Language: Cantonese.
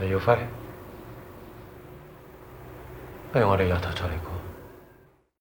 黎耀輝，不如我哋由頭再嚟過。